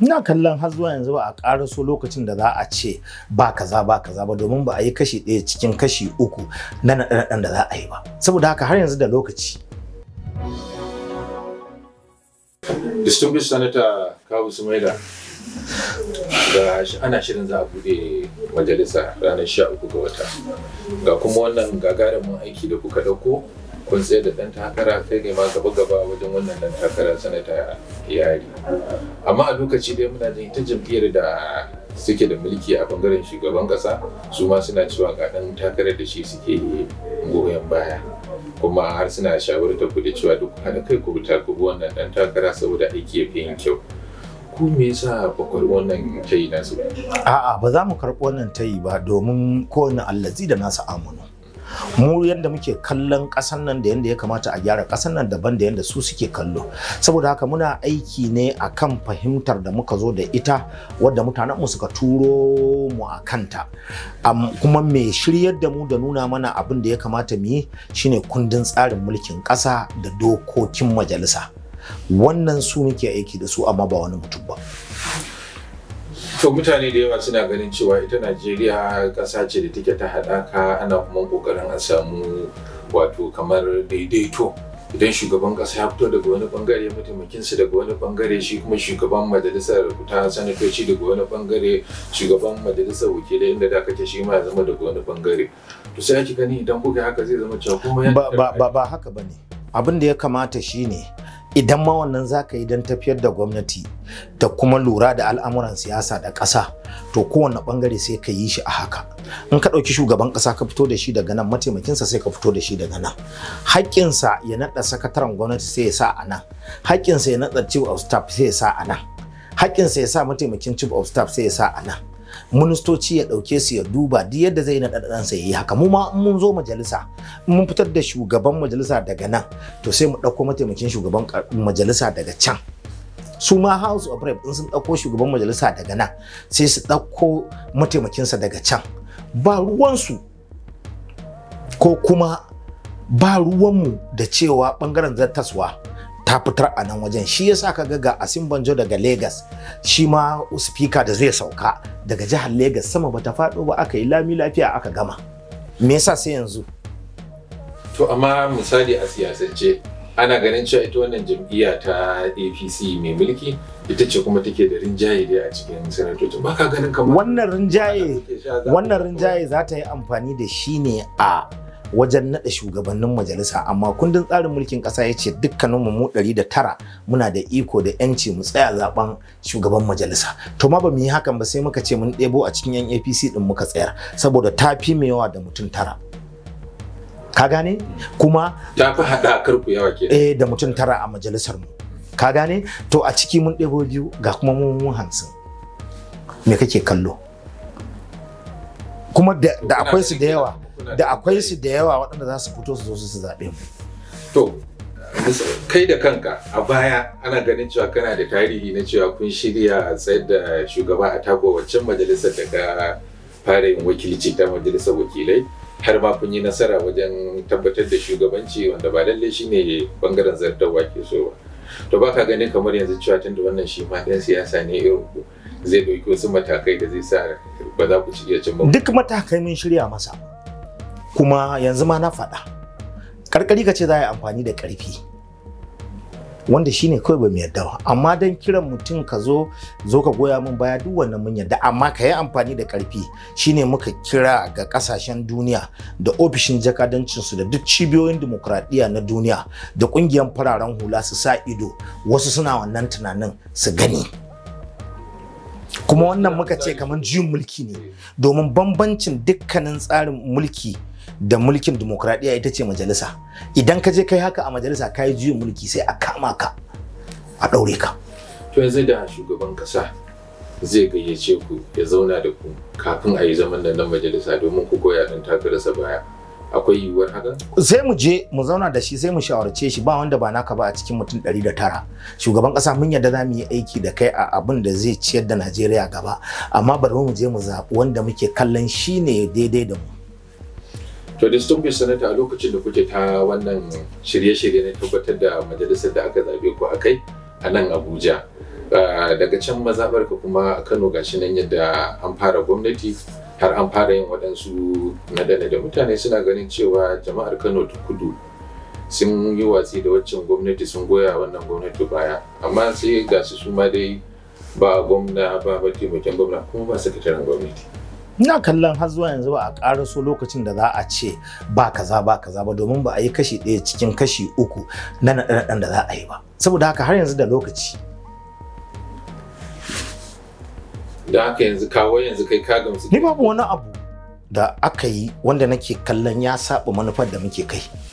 ina kallon har zuwa yanzu ba a ƙara so lokacin da za a ce ba kaza ba kaza ba domin ba a yi kashi ɗaya cikin kashi uku na naɗaɗaɗan da za a yi ba saboda haka har yanzu da lokaci distinguished senator kawu sumaida ga ana shirin za a buɗe majalisa ranar sha uku ga wata ga kuma wannan gagarumin aiki da kuka ɗauko kun da ɗan takara kai ne ma gaba gaba wajen wannan ɗan takara sanata iyali. amma a lokaci dai muna jin ita jam'iyyar da suke da mulki a bangaren shugaban ƙasa su ma suna cewa ga ɗan takarar da shi suke goyon baya kuma har suna shawartar ku da cewa duk haɗa kai ku ta ku wannan ɗan takara saboda aiki ya fi yin kyau ku me yasa ba ku wannan tayi nasu a'a ba za mu karɓi wannan tayi ba domin kowane allazi da nasa amunu mu yadda muke kallon ƙasar nan da yadda ya kamata a gyara ƙasar nan daban da yadda su suke kallo saboda haka muna aiki ne a kan fahimtar da muka zo da ita wadda mutanen mu suka turo mu a kanta kuma me shiryar da mu da nuna mana abin da ya kamata mu yi shine kundin tsarin mulkin ƙasa da dokokin majalisa wannan su muke aiki da su amma ba wani mutum ba To mutane da yawa suna ganin cewa ita Najeriya kasa ce da take ta haɗaka ana kuma ƙoƙarin a samu wato kamar daidaito. Idan shugaban kasa ya fito daga wani bangare mataimakinsa daga wani bangare shi kuma shugaban majalisar ta sanatoci daga wani bangare shugaban majalisar wakilai inda da kake shi ma ya zama daga wani bangare. To sai ake gani idan kuka haka zai zama cewa kuma ba ba haka bane. Abin da ya kamata shine idan ma wannan za ka yi don tafiyar da gwamnati da kuma lura da al'amuran siyasa da ƙasa to kowane ɓangare sai ka yi shi a haka in ka ɗauki shugaban ƙasa ka fito da shi daga nan mataimakinsa sai ka fito da shi daga nan haƙƙinsa ya naɗa sakataren gwamnati sai ya sa a nan haƙƙinsa ya naɗa chief of staff sai ya sa a nan haƙƙinsa ya sa mataimakin chief of staff sai ya sa a nan ministoci ya dauke su ya duba duk yadda zai na dadan sa yi haka mu ma mun zo majalisa mun fitar da shugaban majalisa daga nan to sai mu dauko mataimakin shugaban majalisa daga can su ma house of rep sun dauko shugaban majalisa daga nan sai su dauko mataimakin sa daga can ba ruwansu ko kuma ba ruwan mu da cewa bangaren zartaswa ta fitar a nan wajen shi yasa ka ga asim banjo daga lagos shi ma speaker da zai sauka daga jihar lagos sama bata faɗo ba aka yi lami lafiya aka gama me yasa sai yanzu to amma misali a siyasance ana ganin cewa ita wannan jam'iyya ta apc mai mulki ita ce kuma take da rinjaye dai a cikin sanatocin ba ka ganin kamar wannan rinjaye wannan rinjaye za ta yi amfani da shi ne a wajen naɗa shugabannin majalisa amma kundin tsarin mulkin ƙasa ya ce dukkaninmu mu ɗari da tara muna da iko da yanci mu tsaya zaben shugaban majalisa to ma ba mu yi hakan ba sai muka ce mun ɗebo a cikin yan apc ɗin muka tsayar saboda ta fi mai yawa da mutum tara ka gane kuma ta fi haɗakar ku yawa ke eh da mutum tara a majalisar mu ka gane to a ciki mun ɗebo biyu ga kuma mun hamsin me kake kallo kuma da akwai su da yawa da akwai su da yawa waɗanda za su fito su zo su zaɓe mu to kai da kanka a baya ana ganin cewa kana da tarihi na cewa kun shirya a tsayar da shugaba a tako wancan majalisar da ka fara yin wakilci ta majalisar wakilai har ma kun yi nasara wajen tabbatar da shugabanci wanda ba lallai shine bangaren zartarwa ke so ba to baka ganin kamar yanzu cewa tunda wannan shi ma ɗan siyasa ne irin ku zai ɗauki wasu matakai da zai sa ba za ku ci iya cin ba duk matakai mun shirya masa kuma yanzu ma na faɗa karkari ka ce za a yi amfani da ƙarfi wanda shine kawai ba mu yarda ba amma dan kiran mutum ka zo zo ka goya min baya duk wannan mun yadda, amma ka yi amfani da ƙarfi shine muka kira ga ƙasashen duniya da ofishin jakadancin su da duk cibiyoyin dimokuraɗiyya na duniya da ƙungiyar fararen hula su sa ido wasu suna wannan tunanin su gani kuma wannan muka ce kamar juyin mulki ne domin bambancin dukkanin tsarin mulki da mulkin demokradiyya ita ce majalisa idan ka je kai haka a majalisa ka yi juyin mulki sai a kama ka a ɗaure ka to yanzu da shugaban kasa zai gayyace ku ya zauna da ku kafin a yi zaman nan majalisa domin ku goya ɗan takararsa baya akwai yiwuwar haka? sai mu je mu zauna da shi sai mu shawarce shi ba wanda ba naka ba a cikin mutum 109 shugaban kasa mun yarda za mu yi aiki da kai a abin da zai ciyar da najeriya gaba amma bari mu je mu zaɓi wanda muke kallon shi ne daidai da mu To distinguished senator a lokacin da kuke ta wannan shirye-shirye na tabbatar da majalisar da aka zabe ku akai kai a nan Abuja. Ah, daga can mazaɓar ka kuma a Kano gashi nan yadda an fara gwamnati har an fara yin waɗansu nadana da mutane suna ganin cewa jama'ar Kano ta kudu sun yi watsi da waccan gwamnati sun goya wannan gwamnati baya amma sai ga su ma dai ba gwamna ba mataimakin gwamna kuma ba sakataren gwamnati. ina kallon har zuwa yanzu ba a ƙaraso lokacin da za a ce ba kaza ba kaza ba domin ba a yi kashi ɗaya cikin kashi uku na naɗe da za a yi ba saboda haka har yanzu da lokaci da haka yanzu kawo yanzu kai ka gamsu ni babu wani abu da aka yi wanda nake kallon ya saɓa manufar da muke kai